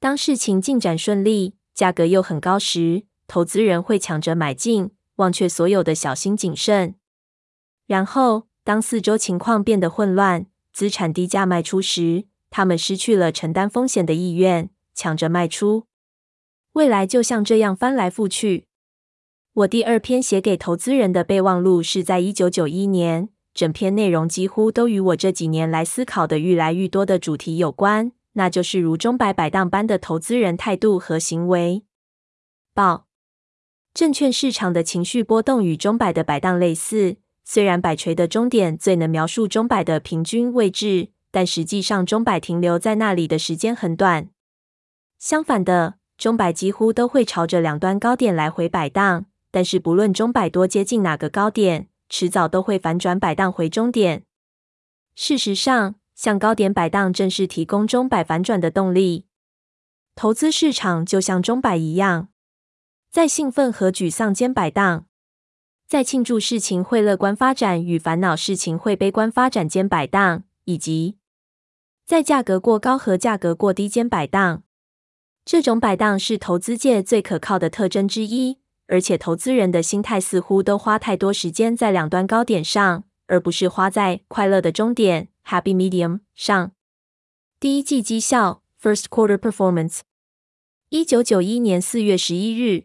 當事情進展順利，價格又很高時，投資人會搶着買進，忘卻所有的小心謹慎。然後，當四周情況變得混亂，資產低價賣出時，他們失去了承擔風險的意願，搶着賣出。未來就像這樣翻來覆去。我第二篇寫給投資人的備忘錄是在一九九一年，整篇內容幾乎都與我這幾年來思考的越來越多的主題有關。那就是如鐘擺擺盪般的投資人態度和行為。報證券市場的情緒波動與鐘擺的擺盪類似，雖然擺錘的中點最能描述鐘擺的平均位置，但實際上鐘擺停留在那裡的時間很短。相反的，鐘擺幾乎都會朝着兩端高點來回擺盪，但是不論鐘擺多接近哪個高點，遲早都會反轉擺盪回中點。事實上，向高點擺盪正是提供鐘擺反轉的動力。投資市場就像鐘擺一樣，在興奮和沮喪間擺盪，在慶祝事情會樂觀發展與煩惱事情會悲觀發展間擺盪，以及在價格過高和價格過低間擺盪。這種擺盪是投資界最可靠的特徵之一，而且投資人的心態似乎都花太多時間在兩端高點上，而不是花在快樂的終點。Happy Medium 上第一季績效 （First Quarter Performance），一九九一年四月十一日。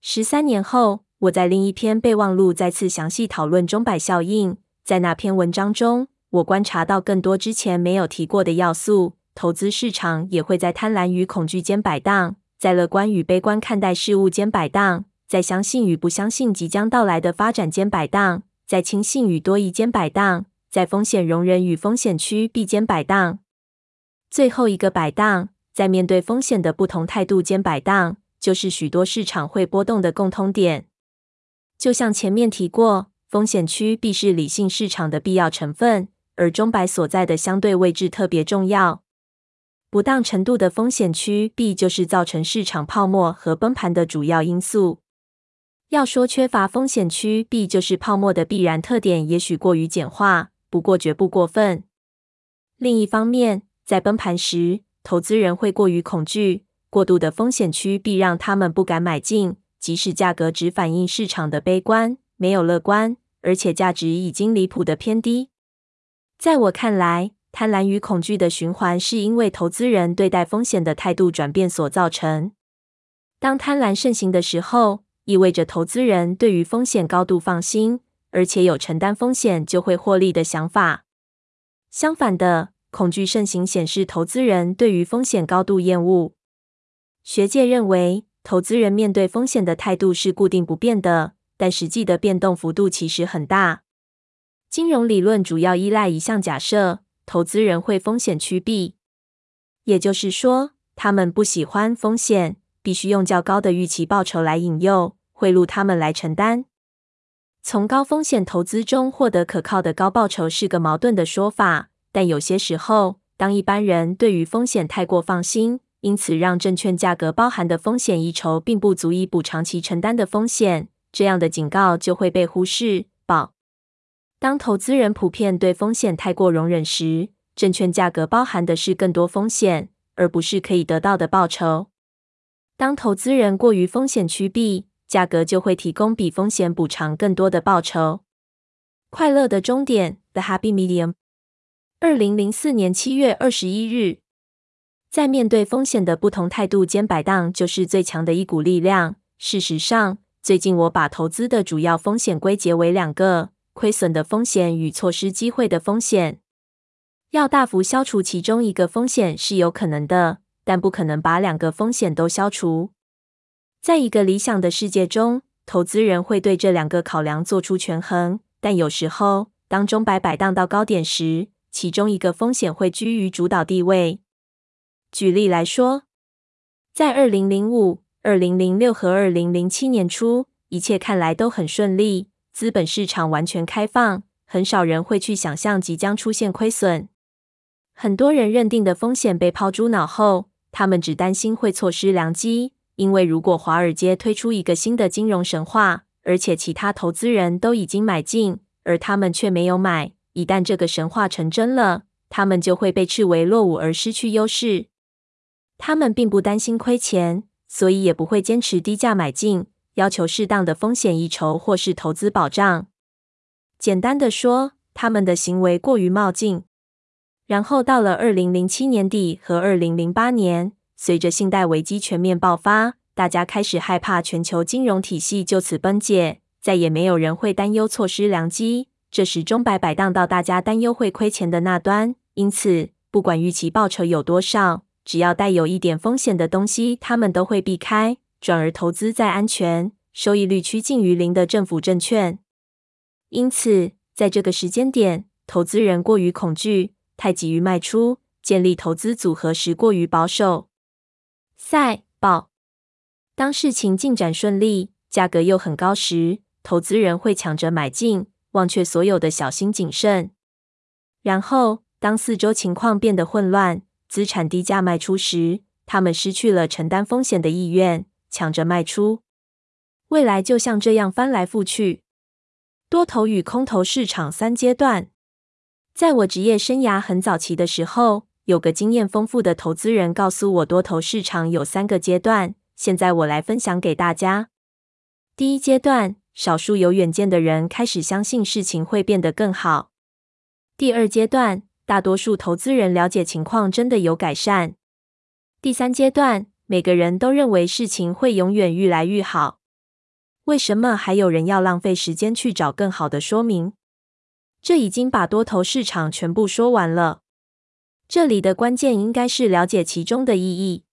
十三年後，我在另一篇備忘錄再次詳細討論鐘擺效應。在那篇文章中，我觀察到更多之前沒有提過的要素：投資市場也會在貪婪與恐懼間擺盪，在樂觀與悲觀看待事物間擺盪，在相信與不相信即將到來的發展間擺盪，在輕信與多疑間擺盪。在風險容忍與風險區必間擺盪，最後一個擺盪在面對風險的不同態度間擺盪，就是許多市場會波動的共通點。就像前面提過，風險區必是理性市場的必要成分，而中擺所在的相對位置特別重要。不當程度的風險區必就是造成市場泡沫和崩盤的主要因素。要說缺乏風險區必就是泡沫的必然特點，也許過於簡化。不過絕不過分。另一方面，在崩盤時，投資人會過於恐懼，過度的風險趨避讓他們不敢買進，即使價格只反映市場的悲觀，沒有樂觀，而且價值已經離譜的偏低。在我看來，貪婪與恐懼的循環是因為投資人對待風險的態度轉變所造成。當貪婪盛行的時候，意味着投資人對於風險高度放心。而且有承擔風險就會獲利的想法。相反的，恐懼盛行顯示投資人對於風險高度厭惡。學界認為，投資人面對風險的態度是固定不變的，但實際的變動幅度其實很大。金融理論主要依賴一項假設：投資人會風險趨避，也就是說，他們不喜歡風險，必須用較高的預期報酬來引誘、賄賂他們來承擔。從高風險投資中獲得可靠的高報酬，是個矛盾的說法，但有些時候，當一般人對於風險太過放心，因此讓證券價格包含的風險溢酬，並不足以補償其承擔的風險，這樣的警告就會被忽視保。當投資人普遍對風險太過容忍時，證券價格包含的是更多風險，而不是可以得到的報酬。當投資人過於風險趨避。價格就會提供比風險補償更多的報酬。快樂的終點，The Happy Medium。二零零四年七月二十一日，在面對風險的不同態度間擺盪，就是最強的一股力量。事實上，最近我把投資的主要風險歸結為兩個：虧損的風險與錯失機會的風險。要大幅消除其中一個風險是有可能的，但不可能把兩個風險都消除。在一個理想的世界中，投資人會對這兩個考量做出權衡。但有時候，當鐘擺擺盪到高點時，其中一個風險會居於主導地位。舉例來說，在二零零五、二零零六和二零零七年初，一切看來都很順利，資本市場完全開放，很少人會去想象即將出現虧損。很多人認定的風險被拋諸腦後，他們只擔心會錯失良機。因為如果華爾街推出一個新的金融神話，而且其他投資人都已經買進，而他們卻沒有買，一旦這個神話成真了，他們就會被斥為落伍而失去優勢。他們並不擔心虧錢，所以也不會堅持低價買進，要求適當的風險溢酬或是投資保障。簡單的說，他們的行為過於冒進。然後到了二零零七年底和二零零八年。隨着信貸危機全面爆發，大家開始害怕全球金融體系就此崩解，再也沒有人會擔憂錯失良機。這時鐘擺擺盪到大家擔憂會虧錢的那端，因此不管預期報酬有多少，只要帶有一點風險的東西，他們都會避開，轉而投資在安全、收益率趨近於零的政府證券。因此，在這個時間點，投資人過於恐懼，太急於賣出，建立投資組合時過於保守。賽報：當事情進展順利，價格又很高時，投資人會搶着買進，忘卻所有的小心謹慎。然後，當四周情況變得混亂，資產低價賣出時，他們失去了承擔風險的意願，搶着賣出。未來就像這樣翻來覆去，多頭與空頭市場三階段。在我職業生涯很早期的時候。有個經驗豐富的投資人告訴我，多頭市場有三個階段。現在我來分享給大家。第一階段，少數有遠見的人開始相信事情會變得更好。第二階段，大多數投資人了解情況真的有改善。第三階段，每個人都認為事情會永遠越來越好。為什麼還有人要浪費時間去找更好的說明？這已經把多頭市場全部說完了。這裡的關鍵應該是了解其中的意義，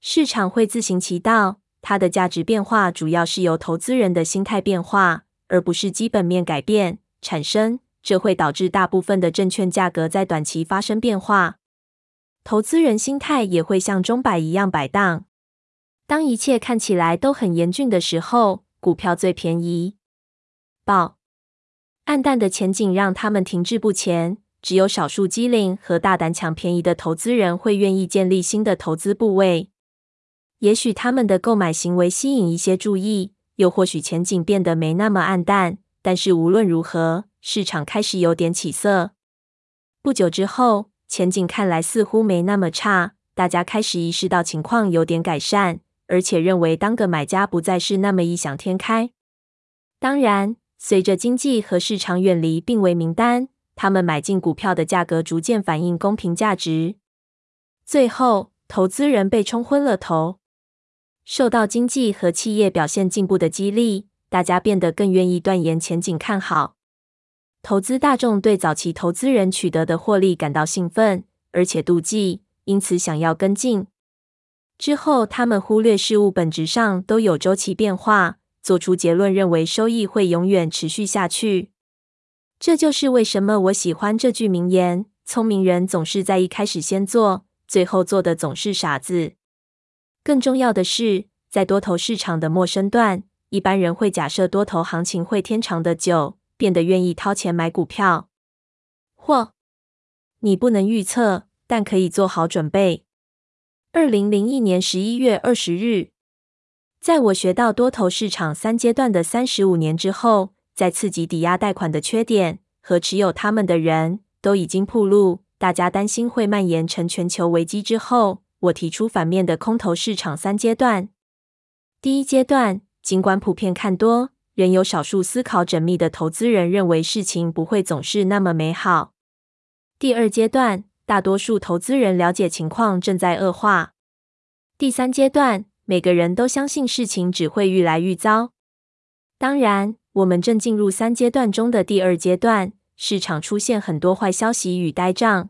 市場會自行其道，它的價值變化主要是由投資人的心態變化，而不是基本面改變產生。這會導致大部分的證券價格在短期發生變化，投資人心態也會像鐘擺一樣擺盪。當一切看起來都很嚴峻的時候，股票最便宜，報暗淡的前景讓他們停滯不前。只有少數機靈和大膽搶便宜的投資人會願意建立新的投資部位。也許他們的購買行為吸引一些注意，又或許前景變得沒那麼暗淡，但是無論如何，市場開始有點起色。不久之後，前景看來似乎沒那麼差，大家開始意識到情況有點改善，而且認為當個買家不再是那麼異想天開。當然，隨着經濟和市場遠離病危名單。他們買進股票的價格逐漸反映公平價值，最後投資人被沖昏了頭。受到經濟和企業表現進步的激勵，大家變得更願意斷言前景看好。投資大眾對早期投資人取得的獲利感到興奮，而且妒忌，因此想要跟進。之後，他們忽略事物本質上都有週期變化，做出結論認為收益會永遠持續下去。這就是為什麼我喜歡這句名言：“聰明人總是在一開始先做，最後做的總是傻子。”更重要的是，在多頭市場的陌生段，一般人會假設多頭行情會天長地久，變得願意掏錢買股票。或，你不能預測，但可以做好準備。二零零一年十一月二十日，在我學到多頭市場三階段的三十五年之後。在刺激抵押貸款的缺點和持有它們的人都已經暴露，大家擔心會蔓延成全球危機之後，我提出反面的空頭市場三階段。第一階段，儘管普遍看多，仍有少數思考縝密的投資人認為事情不會總是那麼美好。第二階段，大多數投資人了解情況正在惡化。第三階段，每個人都相信事情只會愈來愈糟。當然。我們正進入三階段中的第二階段，市場出現很多壞消息與呆賬，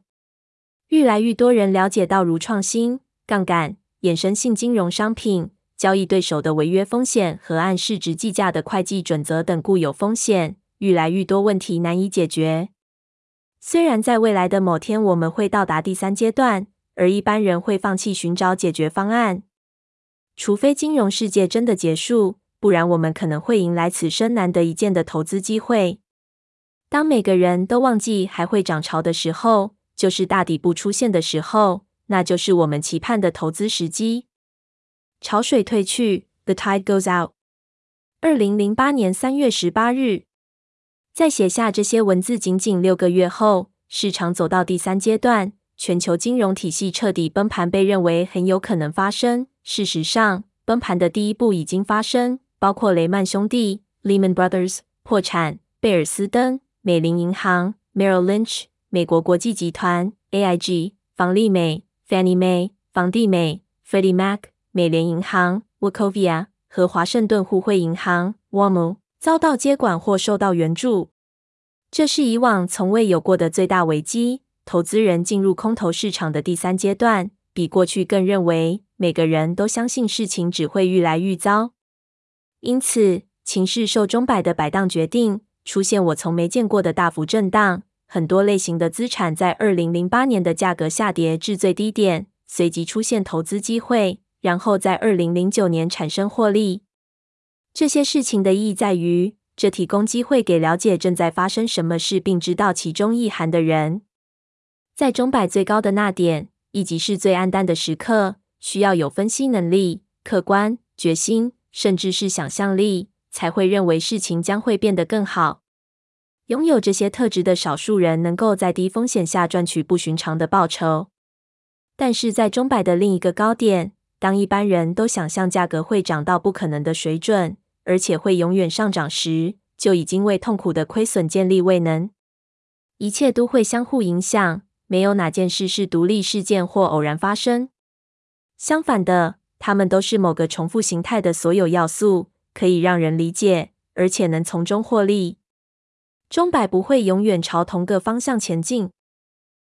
越來越多人了解到如創新、槓桿、衍生性金融商品、交易對手的違約風險和按市值計價的會計準則等固有風險，越來越多問題難以解決。雖然在未來的某天我們會到達第三階段，而一般人會放棄尋找解決方案，除非金融世界真的結束。不然，我們可能會迎來此生難得一見的投資機會。當每個人都忘記還會漲潮的時候，就是大底部出現的時候，那就是我們期盼的投資時機。潮水退去，The tide goes out。二零零八年三月十八日，在寫下這些文字僅僅六個月後，市場走到第三階段，全球金融體系徹底崩盤被認為很有可能發生。事實上，崩盤的第一步已經發生。包括雷曼兄弟 （Lehman Brothers） 破產，貝爾斯登、美林銀行 （Merrill Lynch）、美國國際集團 （AIG） 房、房利美 （Fannie Mae）、房地美 （Freddie Mac）、美聯銀行 Wachovia 和華盛頓互惠銀行 （Wamu） 遭到接管或受到援助。這是以往從未有過的最大危機。投資人進入空頭市場的第三階段，比過去更認為每個人都相信事情只會愈來愈糟。因此，情勢受鐘擺的擺蕩決定，出現我從沒見過的大幅震蕩。很多類型的資產在二零零八年的價格下跌至最低點，隨即出現投資機會，然後在二零零九年產生獲利。這些事情的意義在於，這提供機會給了解正在發生什麼事，並知道其中意涵的人。在鐘擺最高的那點，以及是最暗淡的時刻，需要有分析能力、客觀、決心。甚至是想象力，才會認為事情將會變得更好。擁有這些特質的少數人，能夠在低風險下賺取不尋常的報酬。但是在鐘擺的另一個高點，當一般人都想象價格會漲到不可能的水準，而且會永遠上漲時，就已經為痛苦的虧損建立未能。一切都會相互影響，沒有哪件事是獨立事件或偶然發生。相反的。它們都是某個重複形態的所有要素，可以讓人理解，而且能從中獲利。鐘擺不會永遠朝同個方向前進。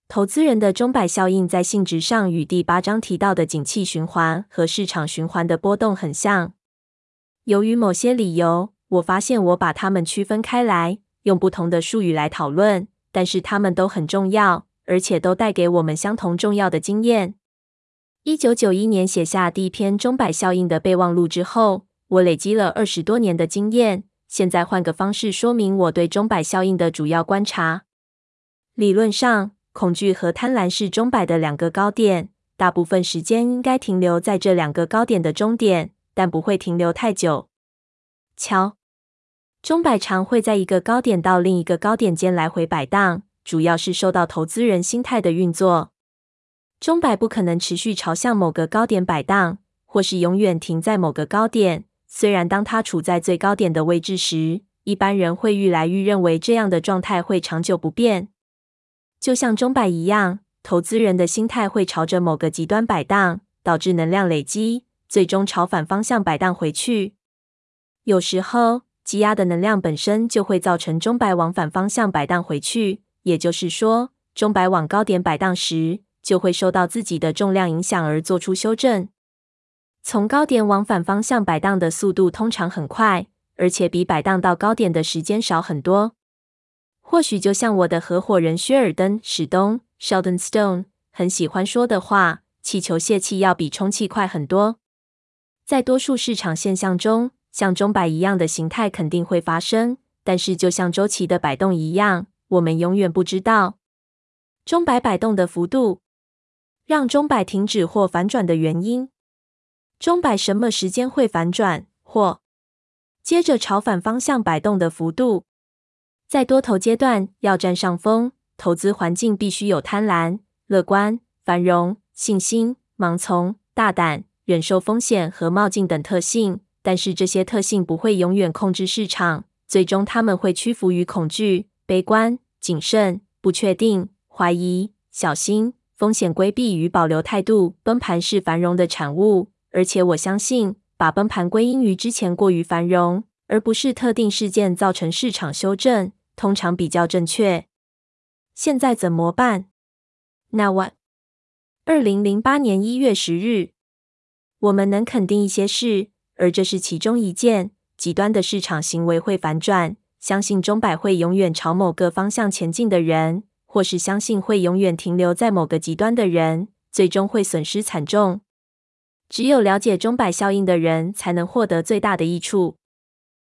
投資人的鐘擺效應在性質上與第八章提到的景氣循環和市場循環的波動很像。由於某些理由，我發現我把它們區分開來，用不同的術語來討論，但是它們都很重要，而且都帶給我們相同重要的經驗。一九九一年寫下第一篇鐘擺效應的備忘錄之後，我累積了二十多年的經驗。現在換個方式說明我對鐘擺效應的主要觀察：理論上，恐懼和貪婪是鐘擺的兩個高點，大部分時間應該停留在這兩個高點的中點，但不會停留太久。瞧，鐘擺常會在一個高點到另一個高點間來回擺盪，主要是受到投資人心態的運作。鐘擺不可能持續朝向某個高點擺盪，或是永遠停在某個高點。雖然當它處在最高點的位置時，一般人會愈來愈認為這樣的狀態會長久不變，就像鐘擺一樣，投資人的心態會朝着某個極端擺盪，導致能量累積，最終朝反方向擺盪回去。有時候，積壓的能量本身就會造成鐘擺往反方向擺盪回去。也就是說，鐘擺往高點擺盪時，就會受到自己的重量影響而做出修正。從高點往反方向擺盪的速度通常很快，而且比擺盪到高點的時間少很多。或許就像我的合夥人薛爾登·史東 （Sheldon Stone） 很喜歡說的話：“氣球泄氣要比充氣快很多。”在多數市場現象中，像鐘擺一樣的形態肯定會發生，但是就像周期的擺動一樣，我們永遠不知道鐘擺擺動的幅度。讓鐘擺停止或反轉的原因。鐘擺什麼時間會反轉，或接着朝反方向擺動的幅度？在多頭階段要占上風，投資環境必須有貪婪、樂觀、繁榮、信心、盲從、大膽、忍受風險和冒進等特性。但是這些特性不會永遠控制市場，最終他們會屈服於恐懼、悲觀、謹慎、不確定、懷疑、小心。風險規避與保留態度，崩盤是繁榮的產物，而且我相信把崩盤歸因於之前過於繁榮，而不是特定事件造成市場修正，通常比較正確。現在怎麼辦？Now what？2008 年1月10日，我們能肯定一些事，而這是其中一件：極端的市場行為會反轉。相信鐘擺會永遠朝某個方向前進的人。或是相信會永遠停留在某個極端的人，最終會損失慘重。只有了解鐘擺效應的人才能獲得最大的益處。